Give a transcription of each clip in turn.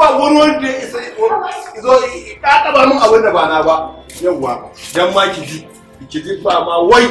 ba wani wanda ya isa zo ya taba min abin da ba na ba yawwa dan ma ki ji ki ji ba ma wai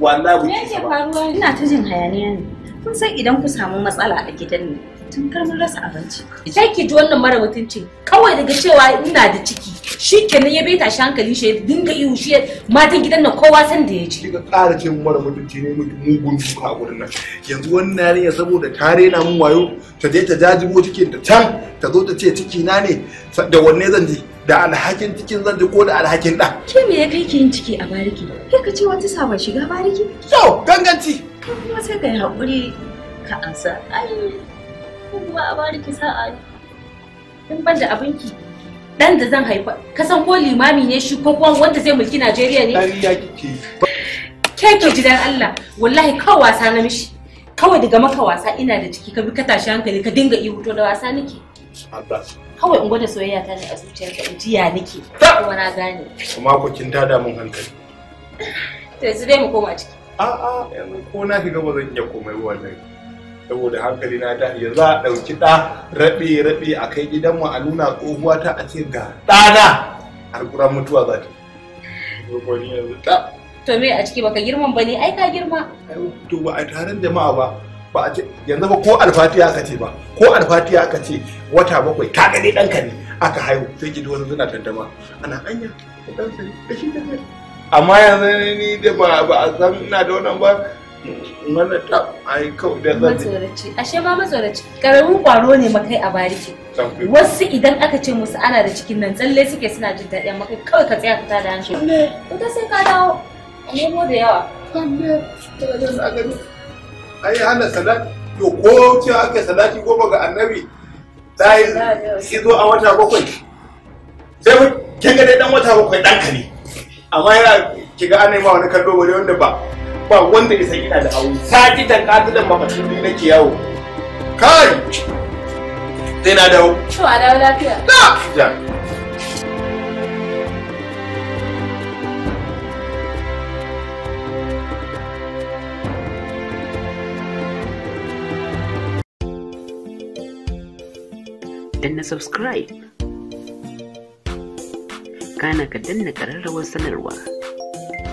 wallahi ki ji faruwa ina ta jin hayaniya ne kun san idan ku samu matsala a gidan ne tun kar mun rasa abinci sai ki ji wannan mara mutunci kawai daga cewa ina da ciki shi kenan ya beta shi hankali shi ya dinga yi shi matan gidan nan kowa san da ya ci. Kika ƙara ce mara mutunci ne mugun duka a gurin nan. Yanzu wannan yarinya saboda ta rena mun wayo ta je ta jajibo cikin da can ta zo ta ce ciki na ne da wanne zan ji da alhakin cikin zan ji ko da alhakin ɗa. Ke me ya kai ke yin ciki a bariki? Ke ka ce wata sabon shiga bariki? So ganganci. Kuma sai ka yi haƙuri ka ansa. Ai kuma a bariki sa'a in ban da abinki. dan da zan haifa ka san ko limami ne shi ko kuma wanda zai mulki Najeriya ne dariya ke ji dan Allah wallahi ka wasa na mishi kawai daga maka wasa ina da ciki ka bi ka tashi hankali ka dinga ihu to da wasa nake kawai in gwada soyayya ta ne a zuciyarka in jiya nake kuma na gane kuma ko kin tada mun hankali to yanzu dai mu koma ciki a'a ko na shiga ba zan iya komai wallahi saboda hankali na ta yanzu za a ɗauki ɗa raɓe raɓe a kai gidanmu a nuna tsohuwa ta a ce ga ɗana har kura mutuwa za ta ta to me a ciki baka girman ba ne ai ka girma to ba a taron jama'a ba ba a ce yanzu ba ko alfatiya aka ce ba ko alfatiya aka ce wata bakwai ka gani ɗanka ne aka haihu sai ki wasu suna tantama ana anya ɗan ɗansa ne da shi amma yanzu ni da ba a san ina da wannan ba mana ta ai kawai da zan matsoraci ashe ma matsoraci karamin kwaro ne makai a bariki wasu idan aka ce musu ana da cikin nan tsalle suke suna jin daɗi amma kai kawai ka tsaya fita da hancin. wuta sai ka dawo nemo da yawa yi hana salat to ko ce ake salati goma ga annabi dai shi zo a wata bakwai sai kin ga dai dan wata bakwai danka ne amma yana kiga ana yi ma wani kallo wani wanda ba ba wanda ya san ina da aure sati ta katilan mamacin ni nake yawo kai sai na dawo to a dawo lafiya da danna subscribe kana ka danna ƙararrawar sanarwa